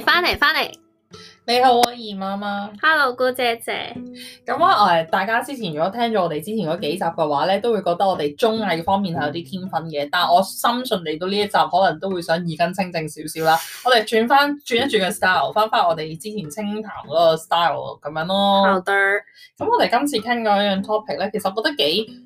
翻嚟翻嚟，你好啊，姨媽媽，Hello 姑姐姐。咁啊，誒，大家之前如果聽咗我哋之前嗰幾集嘅話咧，都會覺得我哋綜藝方面係有啲天分嘅。但係我深信嚟到呢一集，可能都會想耳根清淨少少啦。我哋轉翻轉一轉嘅 style，翻翻我哋之前清談嗰個 style 咁樣咯。咁 are 我哋今次傾嘅一樣 topic 咧，其實我覺得幾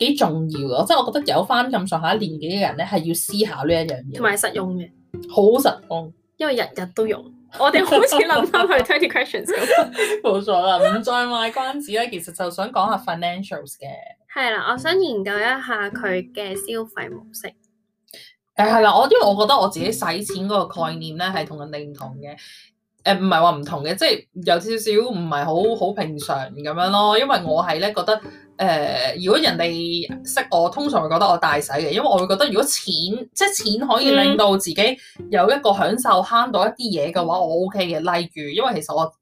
幾重要咯。即係我覺得有翻咁上下年紀嘅人咧，係要思考呢一樣嘢，同埋實用嘅，好實用。因為日日都用，我哋好似諗翻去 twenty questions 咁。冇 錯啦，唔再賣關子咧，其實就想講下 financials 嘅。係啦，我想研究一下佢嘅消費模式。誒、呃，係啦，我因為我覺得我自己使錢嗰個概念咧，係同人哋唔同嘅。誒、就是，唔係話唔同嘅，即係有少少唔係好好平常咁樣咯。因為我係咧覺得。誒、呃，如果人哋識我，通常會覺得我大使嘅，因為我會覺得如果錢，即係錢可以令到自己有一個享受，慳到一啲嘢嘅話，我 OK 嘅。例如，因為其實我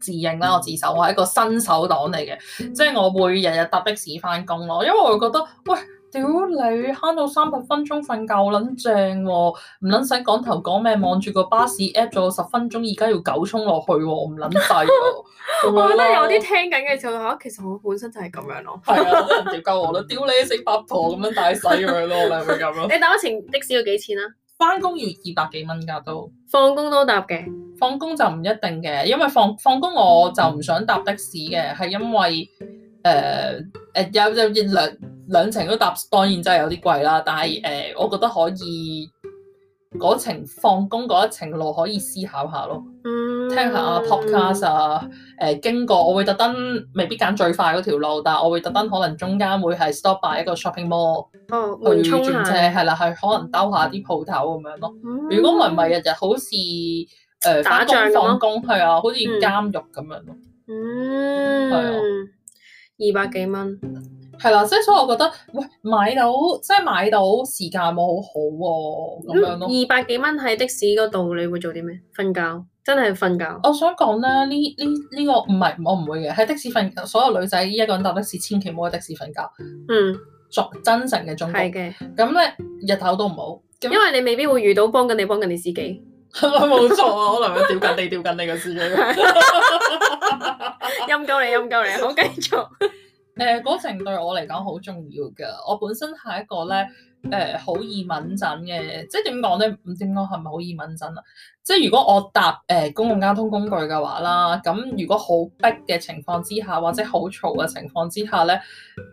自認啦，我自首，我係一個新手黨嚟嘅，即係我會日日搭的士翻工咯，因為我會覺得，喂。屌你，慳到三十分鐘瞓覺撚正喎，唔撚使講頭講咩，望住個巴士 app 咗十分鐘，而家、哦、要九衝落去喎、哦，唔撚使喎。 我覺得有啲聽緊嘅時候 其實我本身就係咁樣咯。係 啊，真係唔夠我啦！屌你、啊，死八婆咁樣大細咁樣咯，兩個咁咯。你打搭程的士要幾錢啊？翻工要二百幾蚊㗎都。放工都搭嘅。放工就唔一定嘅，因為放放工我就唔想搭的士嘅，係因為誒誒有有熱量。呃呃呃呃呃呃呃兩程都搭當然真係有啲貴啦，但係誒、呃，我覺得可以嗰程放工嗰一程路可以思考下咯，聽下 podcast、mm hmm. 啊，誒經過我會特登未必揀最快嗰條路，但係我會特登可能中間會係 stop by 一個 shopping mall，哦、oh，去轉車係啦，係可能兜下啲鋪頭咁樣咯。如果唔係日日好似誒、呃、打工仗放工係啊，好似監獄咁樣咯、mm hmm。嗯，係啊，二百幾蚊。係啦，即係所以我覺得，喂，買到即係買到時間冇好好喎，咁樣咯。二百幾蚊喺的士嗰度，你會做啲咩？瞓覺，真係瞓覺。我想講咧，呢呢呢個唔係我唔會嘅，喺的士瞓。所有女仔依一個人搭的士，千祈唔好喺的士瞓覺。嗯，作真誠嘅中國。係嘅。咁咧日頭都唔好，因為你未必會遇到幫緊你幫緊你司機。我冇錯啊，我可能吊緊你吊緊你嘅司機。陰鳩你，陰鳩你，好繼續。誒嗰、呃、程對我嚟講好重要㗎，我本身係一個呢。誒好、呃、易敏感嘅，即係點講咧？唔知我係唔係好易敏感啦？即係如果我搭誒、呃、公共交通工具嘅話啦，咁如果好逼嘅情況之下，或者好嘈嘅情況之下咧，誒、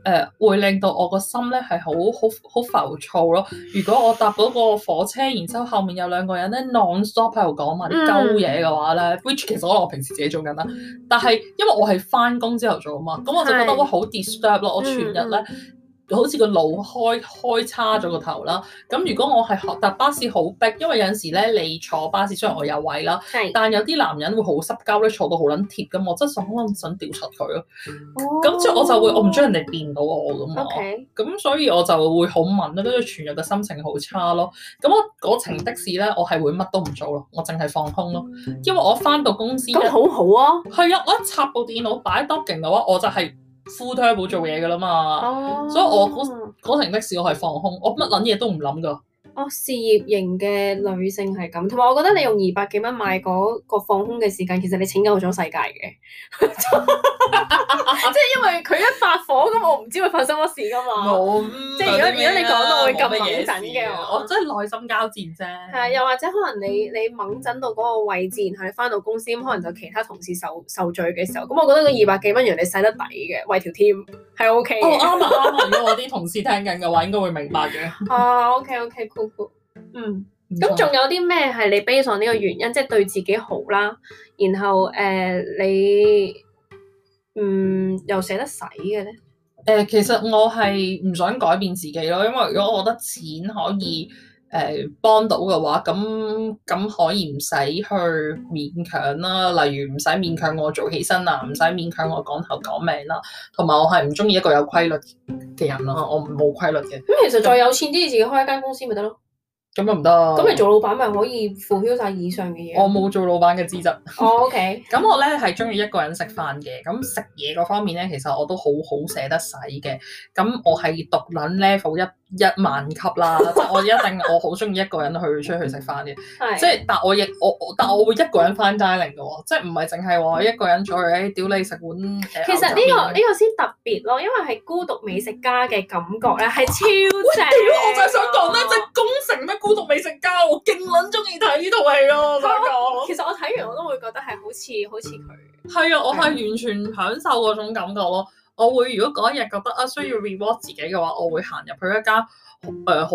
呃、會令到我個心咧係好好好浮躁咯。如果我搭嗰個火車，然之後後面有兩個人咧 non stop 喺度講埋啲鳩嘢嘅話咧，which、嗯、其實可能我平時自己做緊啦，但係因為我係翻工之後做啊嘛，咁我就覺得我好 disturbed 咯，我、嗯嗯、全日咧。好似個腦開開叉咗個頭啦，咁如果我係搭巴士好逼，因為有陣時咧你坐巴士雖然我有位啦，是但有啲男人會好濕鳩咧坐到好撚貼咁，我真係好撚想調出佢咯，咁即係我就會我唔中意人哋見到我噶嘛，咁 Okay. 所以我就會好敏啦，跟住全日嘅心情好差咯。咁我嗰程的士咧，我係會乜都唔做咯，我淨係放空咯，因為我翻到公司咁好好啊，係啊，我一插部電腦擺 Docking 嘅話，我就係、是。full time 做嘢噶啦嘛，oh。所以我嗰嗰程的士我係放空，我乜捻嘢都唔諗噶。哦，事業型嘅女性係咁，同埋我覺得你用二百幾蚊買嗰個放空嘅時間，其實你拯救咗世界嘅，即係因為佢一發火咁，我唔知會發生乜事㗎嘛。冇，即係如果如果你講到我會咁猛診嘅，我真係內心交戰啫。係又或者可能你你猛診到嗰個位置，然後你翻到公司咁，可能就其他同事受受罪嘅時候，咁我覺得嗰二百幾蚊原來你使得抵嘅，為條 team，e 係 OK。啱啱如果我啲同事聽緊嘅話，應該會明白嘅。哦 OK OK。嗯，咁仲錯有啲咩係你悲 a 呢個原因，即、就、係、是、對自己好啦，然後誒、呃，你嗯又捨得使嘅咧？誒、呃，其實我係唔想改變自己咯，因為如果我覺得錢可以。誒幫到嘅話，咁咁可以唔使去勉強啦。例如唔使勉強我做起身啊，唔使勉強我講頭講命啦。同埋我係唔中意一個有規律嘅人咯，我冇規律嘅。咁、嗯、其實再有錢啲，嗯、自己開一間公司咪得咯。咁咪唔得，咁你做老闆咪可以付消晒以上嘅嘢。我冇做老闆嘅資質。我 OK，咁我咧係中意一個人食飯嘅。咁食嘢嗰方面咧，其實我都好好捨得使嘅。咁我係獨卵 level 一一萬級啦，即係我一定我好中意一個人去出去食飯嘅。即係，但我亦我我，但係我會一個人 fine dining 喎，即係唔係淨係我一個人再去誒，屌你食碗。其實呢個呢個先特別咯，因為係孤獨美食家嘅感覺咧，係超正。係咯，其實我睇完我都會覺得係好似好似佢。係啊，我係完全享受嗰種感覺咯。我會如果嗰一日覺得啊需要 reward 自己嘅話，我會行入去一家誒、呃、好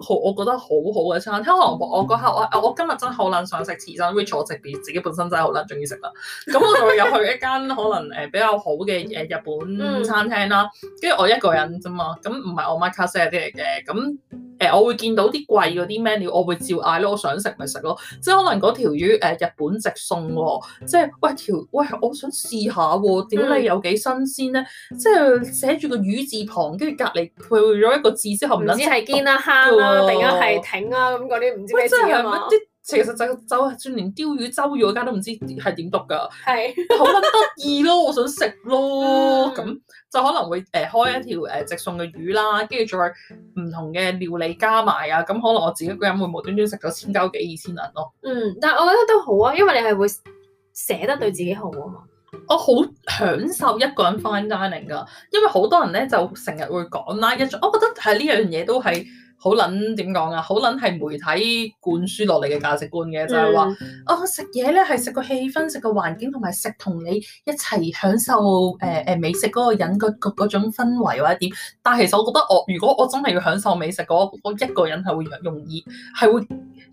好我覺得好好嘅餐廳。 我嗰刻我我今日真係好撚想食刺身，which 我直別自己本身真係好撚中意食啦。咁我就會入去一間可能誒比較好嘅誒日本餐廳啦。跟住、 嗯、我一個人啫嘛，咁唔係我孖 class 嗰啲嚟嘅咁。誒、欸，我會見到啲貴嗰啲 menu，我會照嗌咯，我想食咪食咯。即係可能嗰條魚、呃、日本直送喎。即係喂條，喂，我想試下喎。點解有幾新鮮咧？嗯、即係寫住個魚字旁，跟住隔籬配咗一個字之後，唔知係堅的啊慄啦，定係挺啊咁嗰啲唔知咩其實就就算連鯛魚、周魚嗰間都唔知係點讀噶，係好得意咯！我想食咯，咁、嗯、就可能會誒開一條誒直送嘅魚啦，跟住再唔同嘅料理加埋啊，咁可能我自己一個人會無端端食咗千九幾二千銀咯。嗯，但係我覺得都好啊，因為你係會捨得對自己好啊嘛。我好享受一個人 fine dining 噶，因為好多人咧就成日會講啦，一種我覺得係呢樣嘢都係。好撚點講啊？好撚係媒體灌輸落嚟嘅價值觀嘅，嗯、就係話哦食嘢咧係食個氣氛、食個環境同埋食同你一齊享受誒誒、呃、美食嗰個人個嗰種氛圍或者點。但係其實我覺得我如果我真係要享受美食，我一個人係會容易係會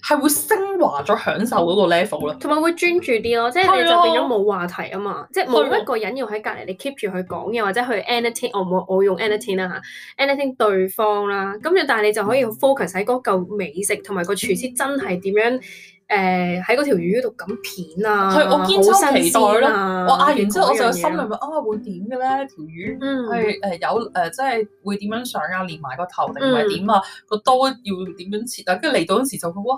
係會昇華咗享受嗰個 level 啦，同埋會專注啲咯，即、就、係、是、你、啊、就變咗冇話題啊嘛，即係冇一個人要喺隔籬你 keep 住去講嘢或者去 anything，我冇我用 anything 啦、啊、嚇，anything 對方啦，咁、啊、樣但係你就可以。要 focus 喺嗰嚿美食同埋個廚師真係點樣？誒喺嗰條魚度噉片啊，好期待啊！我嗌完之後，我就心諗啊，會點嘅咧條魚？係誒、嗯呃、有誒，即、呃、係會點樣上啊？連埋個頭定係點啊？個、嗯、刀要點樣切啊？跟住嚟到嗰時就哇，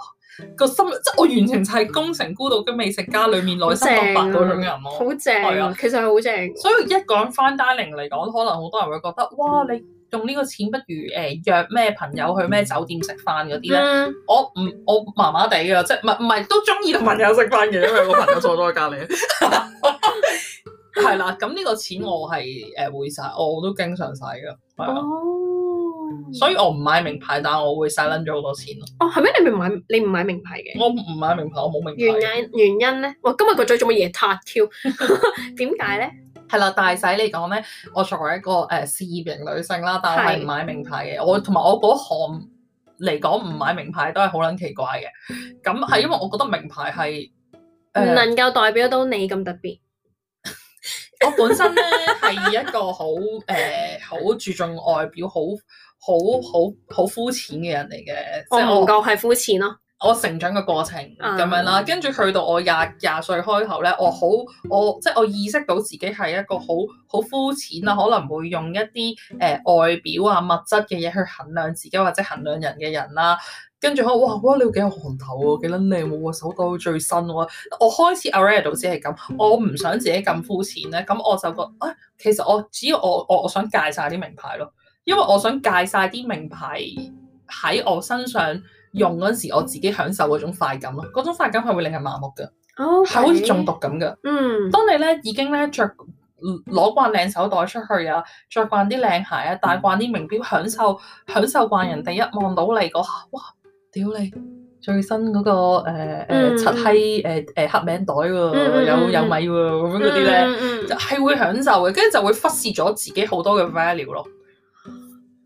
個心即係我完全就係功成孤獨嘅美食家裏面內心獨白嗰種人咯。好正啊！其實係好正。所以一講翻 fine dining 嚟講，可能好多人會覺得哇，你～用呢個錢不如誒、呃、約咩朋友去咩酒店食飯嗰啲咧？我唔我麻麻地㗎，即係唔係唔係都鍾意同朋友食飯嘅，因為我朋友坐咗喺隔離。係 啦，咁呢個錢我係誒會晒，我都經常晒㗎。哦，所以我唔買名牌，但我會晒撚咗好多錢哦，係咩？你唔買你唔買名牌嘅？我唔買名牌，我冇名牌原，原因原因咧？我今日個最做乜嘢塔跳？點解咧？係啦，大使嚟講咧，我作為一個誒事、呃、業型女性啦，但係唔買名牌嘅，是我同埋我嗰行嚟講唔買名牌都係好捻奇怪嘅。咁係因為我覺得名牌係唔、嗯呃、能夠代表到你咁特別。 我本身咧係一個好誒好注重外表，好好好好膚淺嘅人嚟嘅，即係我夠係膚淺咯。我成長嘅過程咁樣啦，跟住去到我廿廿歲開頭咧，我好我即係我意識到自己係一個好好膚淺啦，可能會用一啲誒外表啊、物質嘅嘢去衡量自己或者衡量人嘅人啦。跟住可能哇，哇你幾有行頭喎，幾撚靚喎，手袋最新，我開始 Aradio 先係咁，我唔想自己咁膚淺咧，咁我就覺啊，其實我只要我我我想戒晒啲名牌咯，因為我想戒晒啲名牌喺我身上。用嗰陣時，我自己享受嗰種快感咯，嗰種快感係會令人麻木嘅，係 Okay. 好似中毒咁嘅。嗯，當你咧已經咧着攞慣靚手袋出去啊，著慣啲靚鞋啊，戴慣啲名錶，享受享受慣人哋一望到你個哇，屌你最新嗰、那個誒誒漆黑誒黑名袋喎、啊嗯，有有米喎咁嗰啲咧，係、嗯嗯、會享受嘅，跟住就會忽視咗自己好多嘅 value 咯。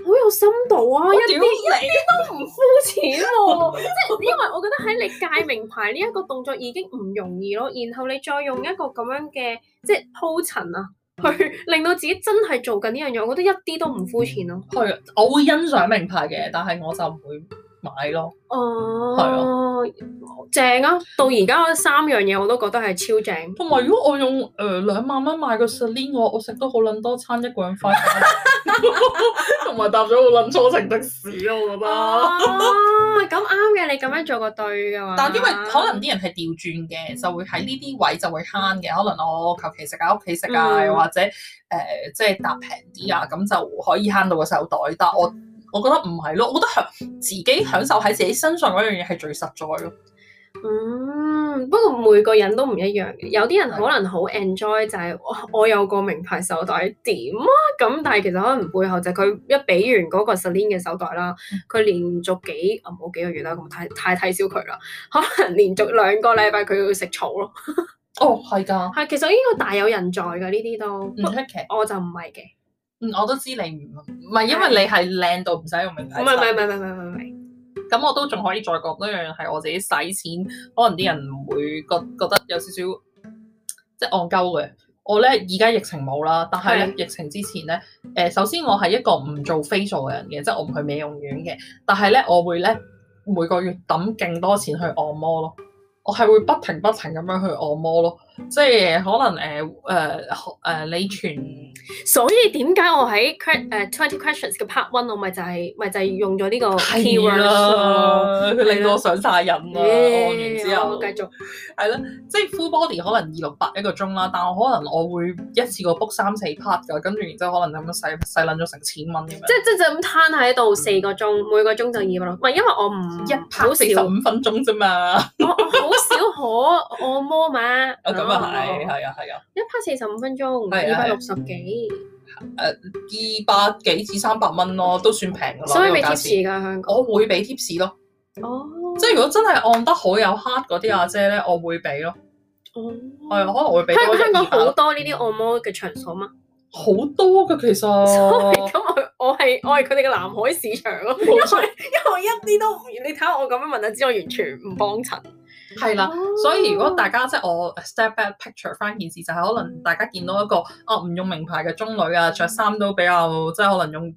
好有深度啊！一啲一啲都唔膚淺喎、啊，即係 因為我覺得喺你戒名牌呢一個動作已經唔容易咯，然後你再用一個咁樣嘅即係鋪陳啊，去令到自己真係做緊呢樣嘢，我覺得一啲都唔膚淺咯、啊。係、嗯、我會欣賞名牌嘅，但係我就唔會。買咯，哦，係啊，的正啊！到而家嗰三樣嘢我都覺得係超正。同埋如果我用誒兩萬蚊買個 Celine，我我食得好撚多餐，一個人揮，同埋 搭咗好撚多程的士，我覺得。啊，咁啱嘅，你咁樣做個對嘅嘛？但因為可能啲人係掉轉嘅，就會喺呢啲位就會慳嘅。可能我求其食啊，屋企食啊，又或者誒、呃，即係搭平啲啊，咁就可以慳到個手袋。但我。我覺得唔係咯，我覺得自己享受喺自己身上嗰樣嘢係最實在咯。嗯，不過每個人都唔一樣嘅，有啲人可能好 enjoy 就係、是、的我，我有個名牌手袋點啊咁，但係其實可能背後就係佢一俾完嗰個 Celine 嘅手袋啦，佢、嗯、連續幾唔好、啊、幾個月啦，咁太太睇小佢啦，可能連續兩個禮拜佢要食草咯。哦，係噶，係 其實應該大有人在嘅呢啲都，行我就唔係嘅。我都知你唔係，因為你係靚到唔使用明唔係唔係唔係唔係唔係，咁我都仲可以再講多樣，係我自己使錢，可能啲人唔會覺得覺得有少少即係戇鳩嘅。我咧而家疫情冇啦，但係咧疫情之前咧，誒，首先我係一個唔做 facial 嘅人嘅，即係我唔去美容院嘅，但係咧我會咧每個月抌勁多錢去按摩咯，我係會不停不停咁樣去按摩咯。即係可能誒誒誒你存，所以點解我喺誒 twenty questions 嘅 part one 我咪就係、是、咪就係用咗呢個 key 㗎啦。了佢、啊、令到我想晒癮啊！我 Yeah,、呃嗯、完之後繼續係咯，即係 full body 可能二六八一個鐘啦，但我可能我會一次過 book 三四 part 噶，跟住然之後可能咁樣洗洗撚咗成千蚊，咁即即就咁攤喺度四個鐘，嗯、每個鐘就二六，唔係因為我唔一 part 四十五分鐘啫嘛，我我好少可按摩嘛。咁啊係，係啊，係啊、oh.，一 part 四十五分鐘，二百六十幾，誒二百幾至三百蚊咯，都算平噶啦。所以俾貼士㗎香港，我會俾貼士咯。哦，oh. 即係如果真係按得好有黑嗰啲阿姐咧，我會俾咯。哦，係啊，可能會俾。香港好多呢啲按摩嘅場所嘛，好多噶，其實。咁我我係我係佢哋嘅南海市場咯，錯因為因為我一啲都唔，你睇下我咁樣問就知，我完全唔幫襯。係啦，oh. 所以如果大家即係我 step back picture 翻件事，就係可能大家見到一個哦，唔用名牌嘅中女啊，着衫都比較即係可能用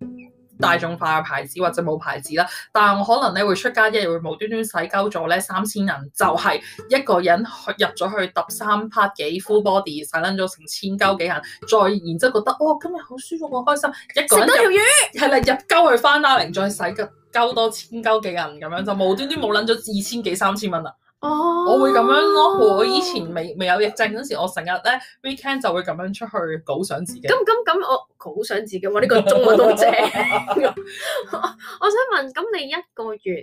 大眾化嘅牌子或者冇牌子啦。但係我可能咧會出街一日會無端端洗鳩咗咧三千銀，就係、是、一個人去入咗去揼三 part 幾敷 body，洗撚咗成千鳩幾銀。再然之後覺得哦今日好舒服，我開心，一食多條魚係啦，入鳩去翻拉零，再洗個鳩多千鳩幾銀。咁樣，就無端端冇撚咗二千幾三千蚊啦。Oh, 我會咁樣咯，我以前未未有疫症嗰時，我成日咧 weekend 就會咁樣出去好想自己。咁咁咁，我好想自己，我呢、呢個中都 我都正。我想問，咁你一個月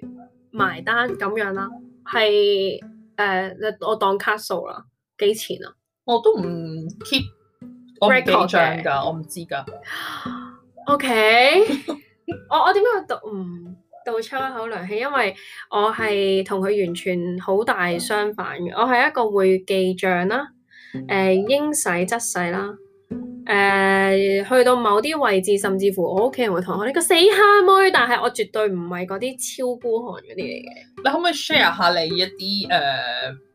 埋單咁樣啦，係誒、呃，我當卡數啦，幾錢啊？我都唔 keep、嗯、record 嘅，我唔知㗎。OK，我我點解去讀唔？倒抽一口涼氣，因為我係同佢完全好大相反嘅。我係一個會記賬啦，誒、呃、應使則使啦，誒、呃、去到某啲位置，甚至乎我屋企人會同我你、呢個死蝦妹，但係我絕對唔係嗰啲超孤寒嗰啲嚟嘅。你可唔可以 share 下你一啲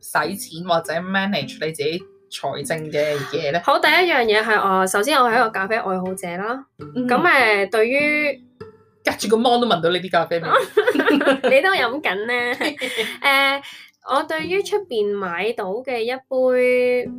誒使錢或者 manage 你自己財政嘅嘢咧？好，第一樣嘢係我首先我係一個咖啡愛好者啦，咁誒、嗯呃、對於。隔住個芒都聞到呢啲咖啡味。 你都飲緊咧、啊？誒、uh，我對於出邊買到嘅一杯，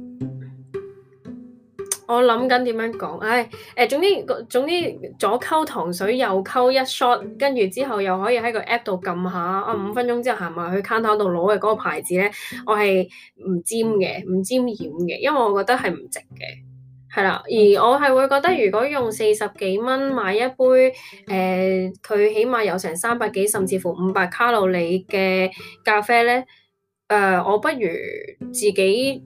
我諗緊點樣講？唉、哎，誒、呃，總之總之，左溝糖水，右溝一 shot，跟住之後又可以喺個 app 度撳下，啊，五分鐘之後行埋去 counter 度攞嘅嗰個牌子咧，我係唔沾嘅，唔沾染嘅，因為我覺得係唔值嘅。係啦，而我係會覺得，如果用四十幾蚊買一杯，誒、呃，佢起碼有成三百幾，甚至乎五百卡路里嘅咖啡咧，誒、呃，我不如自己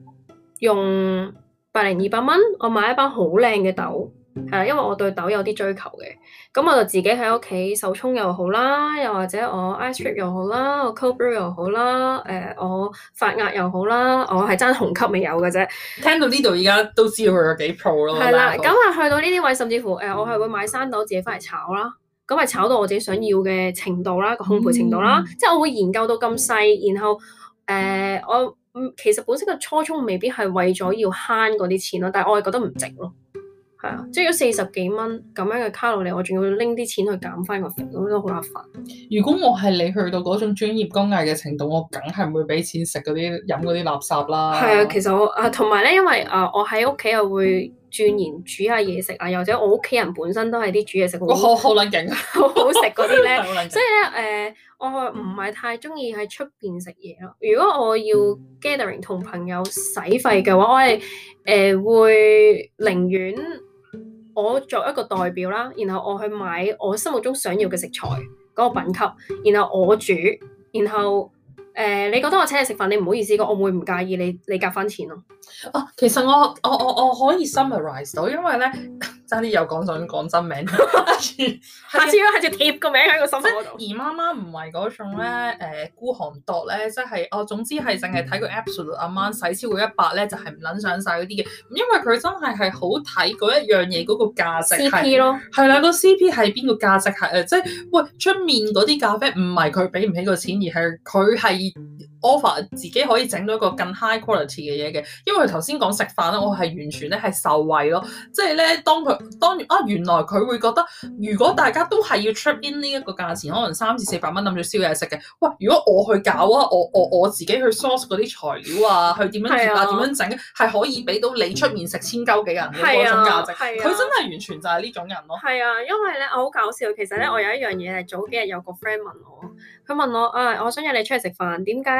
用百零二百蚊，我買一包好靚嘅豆。係啦，因為我對豆有啲追求嘅，咁我就自己喺屋企手沖又好啦，又或者我 ice trip 又好啦，我 cold brew 又好啦，誒、呃、我發壓又好啦，我係爭紅級未有嘅啫。聽到呢度，而家都知道佢有幾 pro 咯。係啦的，咁啊、嗯、去到呢啲位，甚至乎誒、呃，我係會買山豆自己翻嚟炒啦，咁係炒到我自己想要嘅程度啦，個烘焙程度啦，嗯、即係我會研究到咁細，然後誒、呃、我其實本身嘅初衷未必係為咗要慳嗰啲錢咯，但係我係覺得唔值咯。係啊，即係咗四十幾蚊咁樣嘅卡路里，我仲要拎啲錢去減翻個肥，咁都好麻煩。如果我係你去到嗰種專業工藝嘅程度，我梗係唔會俾錢食嗰啲飲嗰啲垃圾啦。係啊，其實我啊，同埋咧，因為啊，我喺屋企又會鑽研煮下嘢食啊，又或者我屋企人本身都係啲煮嘢食 好 好好捻勁，好好食嗰啲咧。所以咧，誒，我唔係太中意喺出邊食嘢咯。如果我要 gathering 同朋友使費嘅話，我係誒會寧願。呃寧願我作一個代表啦，然後我去買我心目中想要嘅食材嗰、那個品級，然後我煮，然後誒、呃，你覺得我請你食飯，你唔好意思嘅，我唔會唔介意你你夾返錢咯。哦、啊，其實我我我我可以 summarize 到，因為咧。有講想講真名， 下次要係要貼個名喺個心。而媽媽唔係嗰種咧，誒、呃、孤寒度咧，即、就、係、是、哦，總之係淨係睇個 absolute amount 使超過一百咧，就係唔撚上晒嗰啲嘅。因為佢真係係好睇嗰一樣嘢嗰個價值。CP 咯，係啦，個 CP 係邊個價值係誒？即、就、係、是、喂，出面嗰啲咖啡唔係佢俾唔起個錢，而係佢係 offer 自己可以整到一個更 high quality 嘅嘢嘅。因為頭先講食飯咧，我係完全咧係受惠咯，即係咧當佢。當當然啊，原來佢會覺得，如果大家都係要 trip in 呢一個價錢，可能三至四百蚊諗住宵夜食嘅，喂！如果我去搞啊，我我我自己去 source 嗰啲材料啊，去點樣調啊，點樣整，係可以俾到你出面食千鳩幾人嗰種價值。佢、啊啊、真係完全就係呢種人咯、啊。係啊，因為咧，我好搞笑，其實咧，我有一樣嘢係早幾日有個 friend 問我，佢問我啊，我想約你出嚟食飯，點解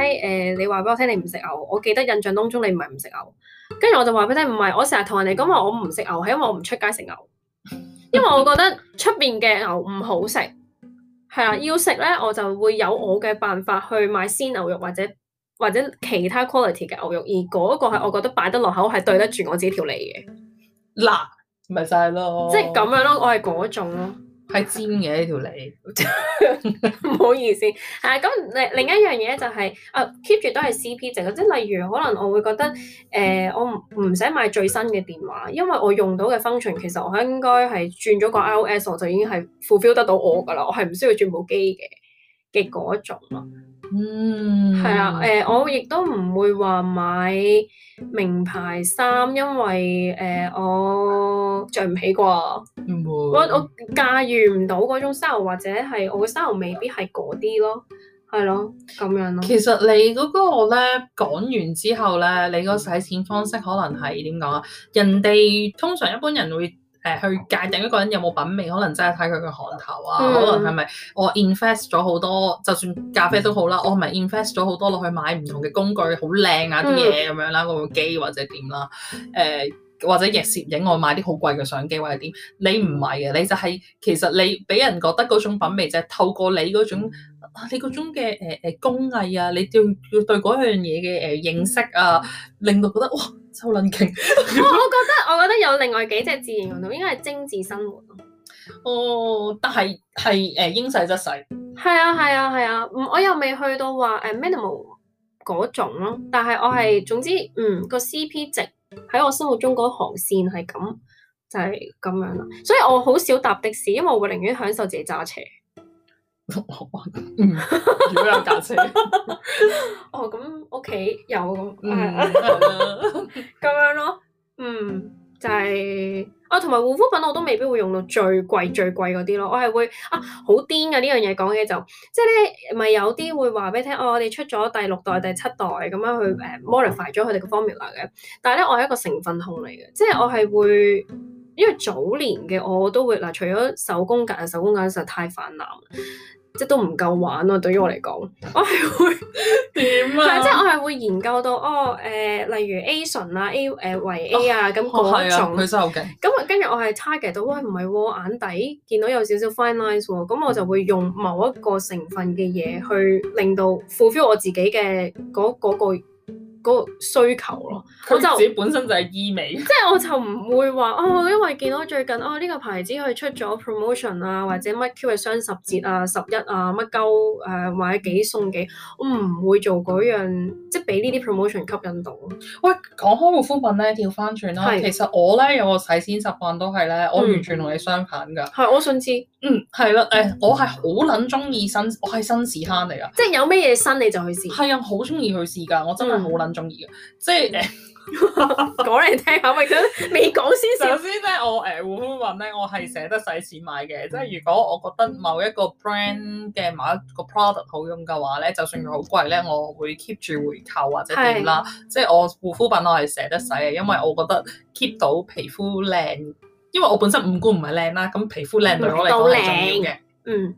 誒你話俾我聽你唔食牛？我記得印象當中你唔係唔食牛。跟住我就話畀你聽，唔係，我成日同人哋講話我唔食牛係因為我唔出街食牛，因為我覺得出邊嘅牛唔好食，係啦、啊，要食咧我就會有我嘅辦法去買鮮牛肉或者或者其他 quality 嘅牛肉，而嗰個係我覺得擺得落口係對得住我自己條脷嘅。嗱，咪晒咯。即係咁樣咯，我係嗰種咯。 係尖嘅呢條脷，唔 好意思。係咁另另一樣嘢就係、是、啊，keep 住都係 C P 值。即係例如，可能我會覺得誒、呃，我唔唔使買最新嘅電話，因為我用到嘅 function 其實我應該係轉咗個 iOS，我就已經係 fulfill 得到我㗎喇。我係唔需要轉部機嘅嘅嗰一種咯。嗯嗯，係啊，誒、呃，我亦都唔會話買名牌衫，因為誒我着唔起啩，我、嗯、我駕馭唔到嗰種 style 或者係我嘅 style 未必係嗰啲咯，係咯，咁樣咯。其實你嗰個咧講完之後咧，你個使錢方式可能係點講啊？人哋通常一般人會。誒去界定一個人有冇品味，可能真係睇佢嘅行頭啊，嗯、可能係咪我 invest 咗好多，就算咖啡都好啦，我係咪 invest 咗好多落去買唔同嘅工具，好靚啊啲嘢咁樣啦，啊個機或者點啦、啊，誒、呃、或者影攝影我買啲好貴嘅相機或者點，你唔係嘅，你就係、是、其實你俾人覺得嗰種品味就係透過你嗰種你嗰種嘅誒誒工藝啊，你要要對對嗰樣嘢嘅誒認識啊，令到覺得哇～好冷靜。我覺得我覺得有另外幾隻字形容到，應該係精緻生活咯。哦，但係係誒應細則細。係、呃、啊係啊係啊，啊，我又未去到話誒、呃、minimal 嗰種咯。但係我係總之嗯個 CP 值喺我心目中嗰行線係咁就係、是、咁樣啦。所以我好少搭的士，因為我會寧願享受自己揸車。學運，哈哈哈哈，哦，咁屋企有咁，咁、嗯、 樣咯，嗯，就係、是、啊，同埋護膚品我都未必會用到最貴最貴啲咯，我係會啊好癲噶呢樣嘢講嘢就，即係咧咪有啲會話俾你聽，哦，我哋出咗第六代第七代咁樣去誒 modify 咗佢哋嘅 formula 嘅，但係咧我係一個成分控嚟嘅，即係我係會因為早年嘅我都會嗱，除咗手工級手工級實在太泛濫。即係都唔夠玩咯，對於我嚟講，我係會點啊？係 啦即係我係會研究到哦，誒、呃，例如 A 醇啊、A 誒、呃、維 A 啊咁嗰、哦、種。係佢收緊。咁啊，今日我係 target 到，喂、哎，唔係喎，眼底見到有少少 fine lines 喎、哦，咁、嗯嗯、我就會用某一個成分嘅嘢去令到復 fill 我自己嘅嗰嗰個。嗰個需求咯，佢就自己就本身就係醫美，即係我就唔會話哦，因為見到最近哦呢個牌子佢出咗 promotion 啊，或者乜 Q 嘅雙十節啊、十一啊乜鳩誒，或者幾送幾，我唔會做嗰樣，即係俾呢啲 promotion 吸引到。喂，講開護膚品咧，一定要翻轉啦，是其實我咧有個洗先習慣都係咧，我完全同你相反㗎。係、嗯，我上次，嗯，係啦，誒、哎，我係好撚中意新，我係新市慳嚟㗎，即係有咩嘢新你就去試。係啊，好中意去試㗎，我真係好撚～、嗯嗯嗯中意嘅，即係講嚟聽下，咪得未講先。首先咧，我誒護膚品咧，我係捨得使錢買嘅。嗯、即係如果我覺得某一個 brand 嘅某一個 product 好用嘅話咧，就算佢好貴咧，我會 keep 住回購或者點啦。是即係我護膚品我係捨得使嘅，嗯、因為我覺得 keep 到皮膚靚。因為我本身五官唔係靚啦，咁皮膚靚對我嚟講係重要嘅。嗯。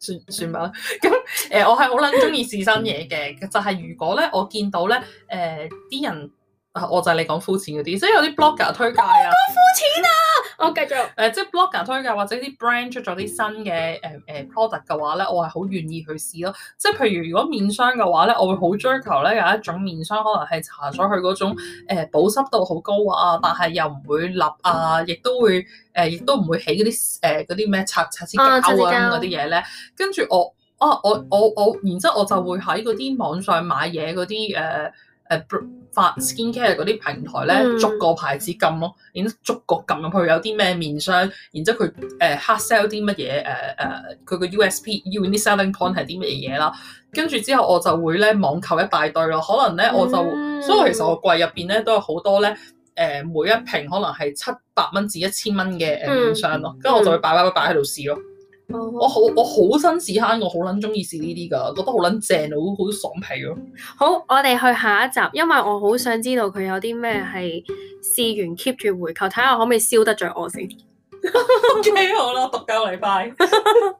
算算吧咁，誒，我係好撚中意試新嘢嘅，就係、是、如果咧我見到咧誒啲人。啊！我就係你講膚淺嗰啲，即係有啲 blogger 推介啊。唔該膚淺啊！我繼續。誒，即係 blogger 推介或者啲 brand 出咗啲新嘅誒誒 product 嘅話咧，我係好願意去試咯。即係譬如如果面霜嘅話咧，我會好追求咧有一種面霜可能係搽上去嗰種誒保濕度好高啊，但係又唔會立啊，亦都會誒亦都唔會起嗰啲誒啲咩擦擦擦膠啊嗰啲嘢咧。跟住我啊我我我，然之後我就會喺嗰啲網上買嘢嗰啲誒。誒發 skincare 嗰啲平台咧，逐個牌子撳咯，然之逐個撳入去，有啲咩面霜，然之後佢誒 hot sell 啲乜嘢誒誒，佢個 USP unique selling point 係啲乜嘢啦？跟住之後我就會咧網購一大堆咯，可能咧我就，所以其實我櫃入邊咧都有好多咧，誒每一瓶可能係七百蚊至一千蚊嘅誒面霜咯，跟住我就會擺擺擺喺度試咯。Oh, 我好我好新試吓，我好撚中意試呢啲㗎，覺得好撚正，好好爽皮咯。好，我哋去下一集，因為我好想知道佢有啲咩係試完 keep 住回購，睇下可唔可以燒得着我先。 o、okay, K，好啦，讀夠禮拜。